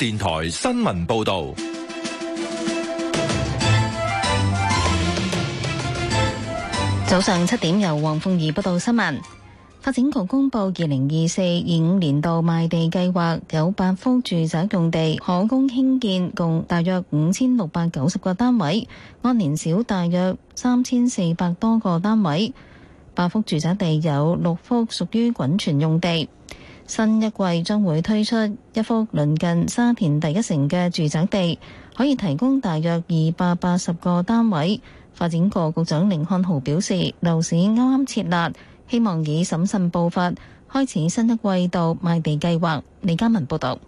電台新聞報道：早上七點，由黃鳳儀報道新聞。發展局公布二零二四二五年度賣地計劃，有八幅住宅用地可供興建，共大約五千六百九十個單位，按年少大約三千四百多個單位。八幅住宅地有六幅屬於滾存用地。新一季將會推出一幅鄰近沙田第一城嘅住宅地，可以提供大約二百八十個單位。發展局局長凌漢豪表示，樓市啱啱撤辣，希望以審慎步伐開始新一季度賣地計劃。李嘉文報導。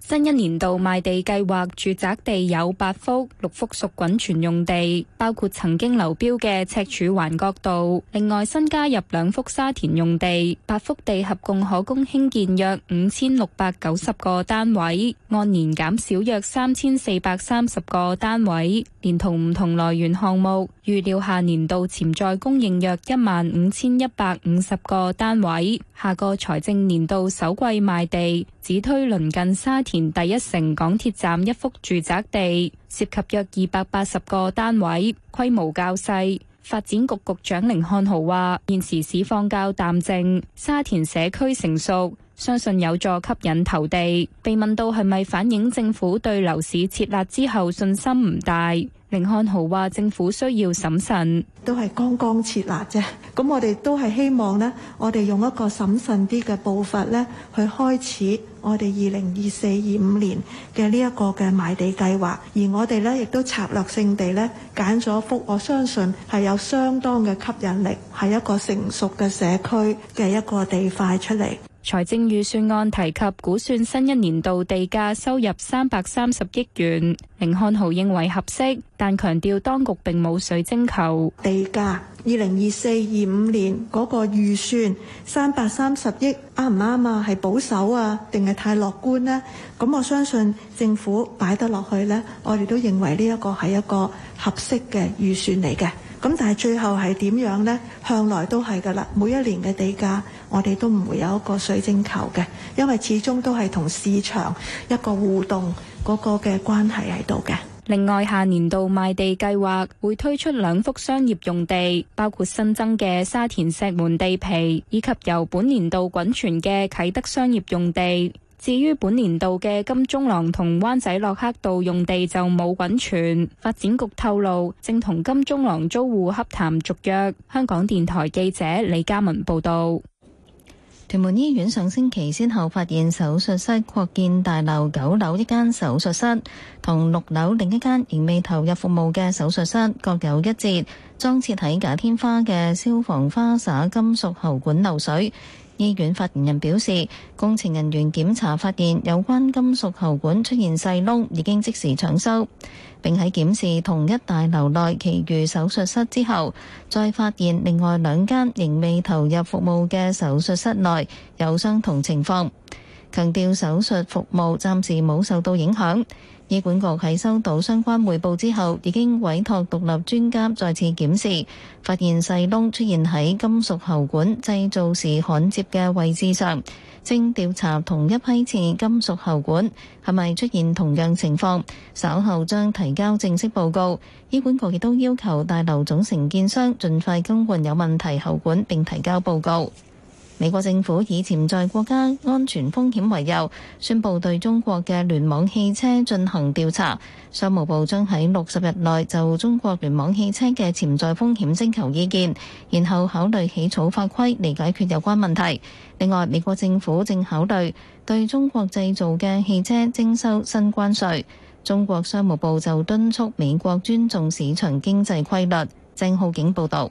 新一年度賣地計劃，住宅地有八幅，六幅屬滾存用地，包括曾經流標嘅赤柱環角道。另外，新加入兩幅沙田用地，八幅地合共可供興建約五千六百九十個單位，按年減少約三千四百三十個單位。連同唔同來源項目，預料下年度潛在供應約一萬五千一百五十個單位。下個財政年度首季賣地，只推鄰近沙田第一城港鐵站一幅住宅地，涉及約二百八十個單位，規模較細，發展局局長甯漢豪話：現時市況較淡靜，沙田社區成熟，相信有助吸引投地。被問到係咪反映政府對樓市設立之後信心唔大？凌漢豪話：政府需要審慎，都係剛剛設立啫。咁我哋都係希望呢，我哋用一個審慎啲嘅步伐呢，去開始我哋二零二四二五年嘅呢一個嘅賣地計劃。而我哋呢，亦都策略性地呢，揀咗幅，我相信係有相當嘅吸引力，係一個成熟嘅社區嘅一個地塊出嚟。財政預算案提及估算新一年度地價收入三百三十億元，凌漢豪認為合適，但強調當局並冇水晶球。地價二零二四二五年嗰個預算三百三十億啱唔啱啊？係保守啊，定係太樂觀呢？咁我相信政府擺得落去呢，我哋都認為呢一個係一個合適嘅預算嚟嘅。咁但係最後係點樣呢？向來都係噶啦，每一年嘅地價。我哋都唔會有一個水晶球嘅，因為始終都係同市場一個互動嗰個嘅關係喺度嘅。另外，下年度賣地計劃會推出兩幅商業用地，包括新增嘅沙田石門地皮，以及由本年度滾存嘅啟德商業用地。至於本年度嘅金鐘廊同灣仔洛克道用地就冇滾存。發展局透露，正同金鐘廊租戶洽談續約。香港電台記者李嘉文報道。屯門醫院上星期先後發現手術室擴建大樓九樓一間手術室同六樓另一間仍未投入服務嘅手術室各有一節，裝設喺假天花嘅消防花灑金屬喉管漏水，醫院發言人表示，工程人員檢查發現有關金屬喉管出現細窿，已經即時搶修。並喺檢視同一大樓內其餘手術室之後，再發現另外兩間仍未投入服務嘅手術室內有相同情況。強調手術服務暫時冇受到影響。醫管局喺收到相關匯報之後，已經委託獨立專家再次檢視，發現細窿出現喺金屬喉管製造時焊接嘅位置上，正調查同一批次金屬喉管係咪出現同樣情況，稍後將提交正式報告。醫管局亦都要求大樓總承建商盡快更換有問題喉管，並提交報告。美國政府以潛在國家安全風險為由，宣布對中國嘅聯網汽車進行調查。商務部將喺六十日內就中國聯網汽車嘅潛在風險徵求意見，然後考慮起草法規嚟解決有關問題。另外，美國政府正考慮對中國製造嘅汽車徵收新關稅。中國商務部就敦促美國尊重市場經濟規律。鄭浩景報道。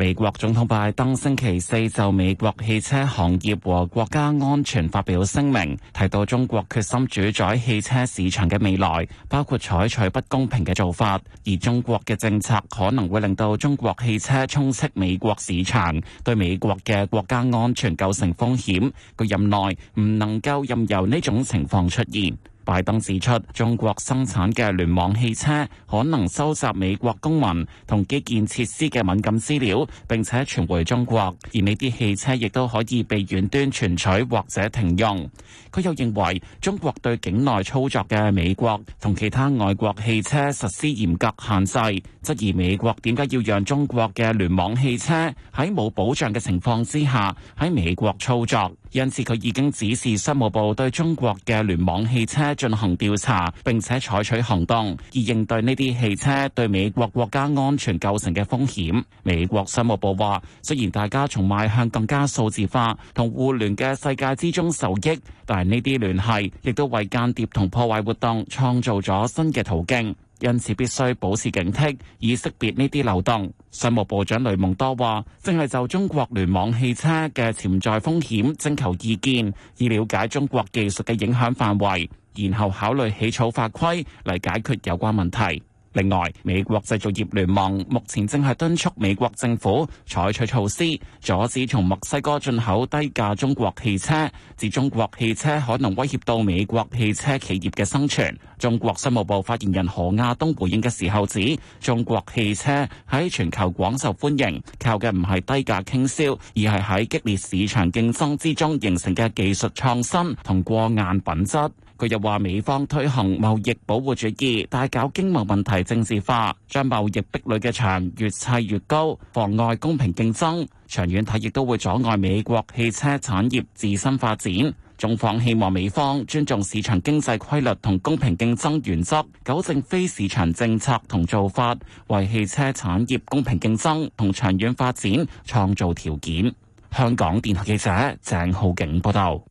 美國總統拜登星期四就美國汽車行業和國家安全發表聲明，提到中國決心主宰汽車市場嘅未來，包括採取不公平嘅做法，而中國嘅政策可能會令到中國汽車充斥美國市場，對美國嘅國家安全構成風險。佢任內唔能夠任由呢種情況出現。拜登指出，中國生產嘅聯網汽車可能收集美國公民同基建設施嘅敏感資料，並且傳回中國，而呢啲汽車亦都可以被遠端存取或者停用。佢又認為中國對境內操作嘅美國同其他外國汽車實施嚴格限制，質疑美國點解要讓中國嘅聯網汽車喺冇保障嘅情況之下喺美國操作。因此，佢已經指示商務部對中國嘅聯網汽車進行調查，並且採取行動，以應對呢啲汽車對美國國家安全構成嘅風險。美國商務部話：雖然大家從邁向更加數字化同互聯嘅世界之中受益，但係呢啲聯繫亦都為間諜同破壞活動創造咗新嘅途徑。因此，必須保持警惕，以識別呢啲漏洞。商務部長雷蒙多話，正係就中國聯網汽車嘅潛在風險徵求意見，以了解中國技術嘅影響範圍，然後考慮起草法規嚟解決有關問題。另外，美國製造業聯盟目前正係敦促美國政府採取措施，阻止從墨西哥進口低價中國汽車，指中國汽車可能威脅到美國汽車企業嘅生存。中國商務部發言人何亞東回應嘅時候指，中國汽車喺全球廣受歡迎，靠嘅唔係低價傾銷，而係喺激烈市場競爭之中形成嘅技術創新同過硬品質。佢又話美方推行貿易保護主義，大搞經貿問題政治化，將貿易壁壘嘅牆越砌越高，妨礙公平競爭。長遠睇亦都會阻礙美國汽車產業自身發展。中方希望美方尊重市場經濟規律同公平競爭原則，糾正非市場政策同做法，為汽車產業公平競爭同長遠發展創造條件。香港電台記者鄭浩景報道。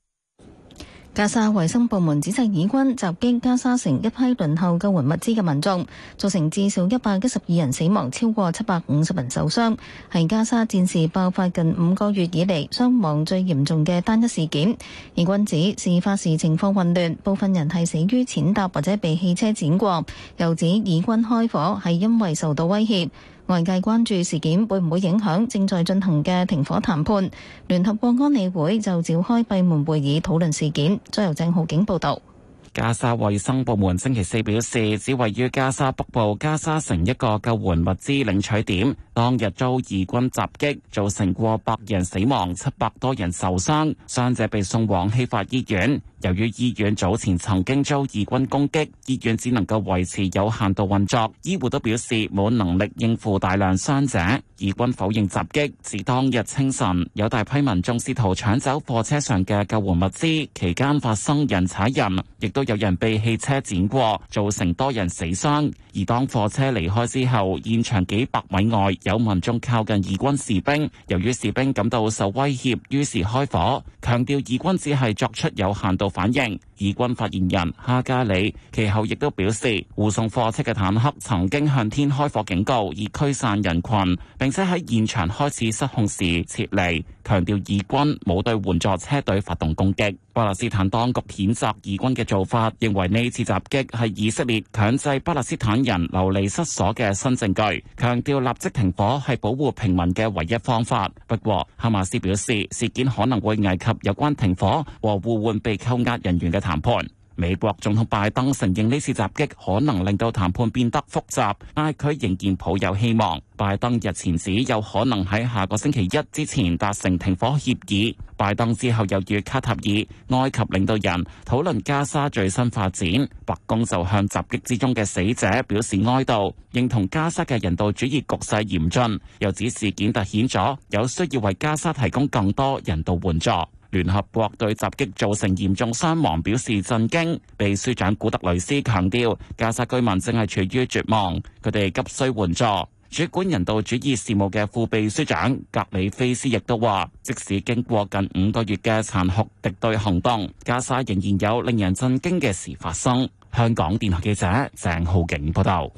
加沙衛生部門指責，以軍襲擊加沙城一批輪候救援物資嘅民眾，造成至少一百一十二人死亡，超過七百五十人受傷，係加沙戰事爆發近五個月以嚟傷亡最嚴重嘅單一事件。以軍指事發時情況混亂，部分人係死於踐踏或者被汽車碾過，又指以軍開火係因為受到威脅。外界關注事件會唔會影響正在進行嘅停火談判。聯合國安理會就召開閉門會議討論事件。周遊正浩警報道：「加沙衛生部門星期四表示，只位於加沙北部加沙城一個救援物資領取點，當日遭以軍襲擊，造成過百人死亡，七百多人受傷，傷者被送往希法醫院。由於醫院早前曾經遭以軍攻擊，醫院只能夠維持有限度運作。醫護都表示冇能力應付大量傷者。以軍否認襲擊，至當日清晨有大批民眾試圖搶走貨車上嘅救援物資，期間發生人踩人，亦都有人被汽車碾過，造成多人死傷。而當貨車離開之後，現場幾百米外有民眾靠近以軍士兵，由於士兵感到受威脅，於是開火，強調以軍只係作出有限度反應，以軍發言人哈加里，其後亦都表示，護送貨車嘅坦克曾經向天開火警告，以驅散人群，並且喺現場開始失控時撤離。強調以軍冇對援助車隊發動攻擊。巴勒斯坦當局譴責以軍嘅做法，認為呢次襲擊係以色列強制巴勒斯坦人流離失所嘅新證據，強調立即停火係保護平民嘅唯一方法。不過，哈馬斯表示事件可能會危及有關停火和互換被扣押人員嘅談判。美國總統拜登承認呢次襲擊可能令到談判變得複雜，但係佢仍然抱有希望。拜登日前指有可能喺下個星期一之前達成停火協議。拜登之後又與卡塔爾、埃及領導人討論加沙最新發展。白宮就向襲擊之中嘅死者表示哀悼，認同加沙嘅人道主義局勢嚴峻，又指事件突顯咗有需要為加沙提供更多人道援助。聯合國對襲擊造成嚴重傷亡表示震驚，秘書長古特雷斯強調，加沙居民正係處於絕望，佢哋急需援助。主管人道主義事務嘅副秘書長格里菲斯亦都話，即使經過近五個月嘅殘酷敵對行動，加沙仍然有令人震驚嘅事發生。香港電台記者鄭浩景報道。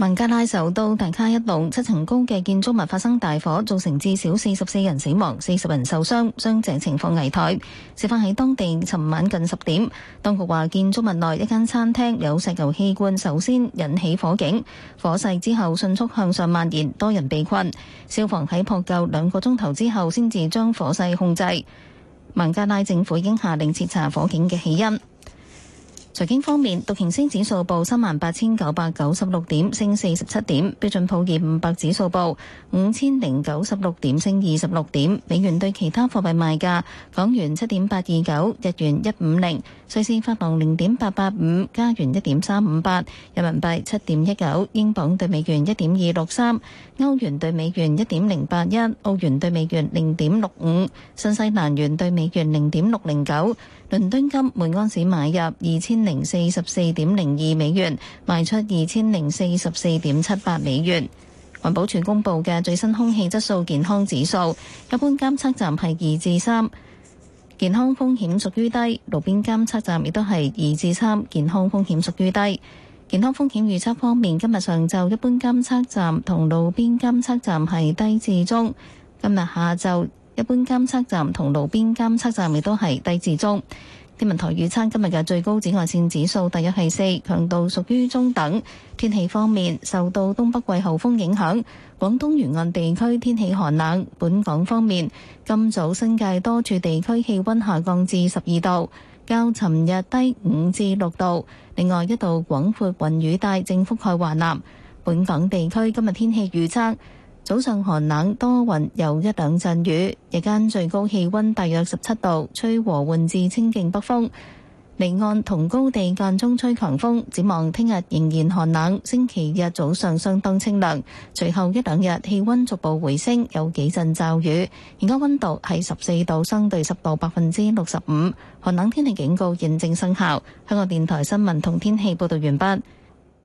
孟加拉首都大卡一棟七層高嘅建築物發生大火，造成至少四十四人死亡、四十人受傷，傷者情況危殆。事發喺當地尋晚近十點，當局話建築物內一間餐廳有石油氣罐，首先引起火警，火勢之後迅速向上蔓延，多人被困。消防喺撲救兩個鐘頭之後，先至將火勢控制。孟加拉政府已經下令徹查火警嘅起因。財經方面，道瓊斯指數報3萬8,996點，升47點；標準普爾500指數報5,096點，升26點。美元對其他貨幣賣價：港元7.829，日元150，瑞士法郎0.885，加元1.358，人民幣7.19，英鎊對美元1.263，歐元對美元1.081，澳元對美元0.65，新西蘭元對美元0.609。倫敦金每盎司買入2,000零四十四點零二美元，賣出二千零四十四點七八美元。環保署公布嘅最新空氣質素健康指數，一般監測站係二至三，健康風險屬於低；路邊監測站亦都係二至三，健康風險屬於低。健康風險預測方面，今日上晝一般監測站同路邊監測站係低至中；今日下晝一般監測站同路邊監測站亦都係低至中。天文台預測今日嘅最高紫外線指數大約係四，強度屬於中等。天氣方面，受到東北季候風影響，廣東沿岸地區天氣寒冷。本港方面，今早新界多處地區氣温下降至十二度，較尋日低五至六度。另外，一道廣闊雲雨帶正覆蓋華南，本港地區今日天氣預測。早上寒冷多雲有一兩陣雨，日間最高氣溫大約十七度，吹和緩至清勁北風，離岸同高地間中吹強風。展望聽日仍然寒冷，星期日早上相當清涼，隨後一兩日氣溫逐步回升，有幾陣驟雨。而家溫度喺十四度，相對濕度百分之六十五，寒冷天氣警告現正生效。香港電台新聞同天氣報道完畢。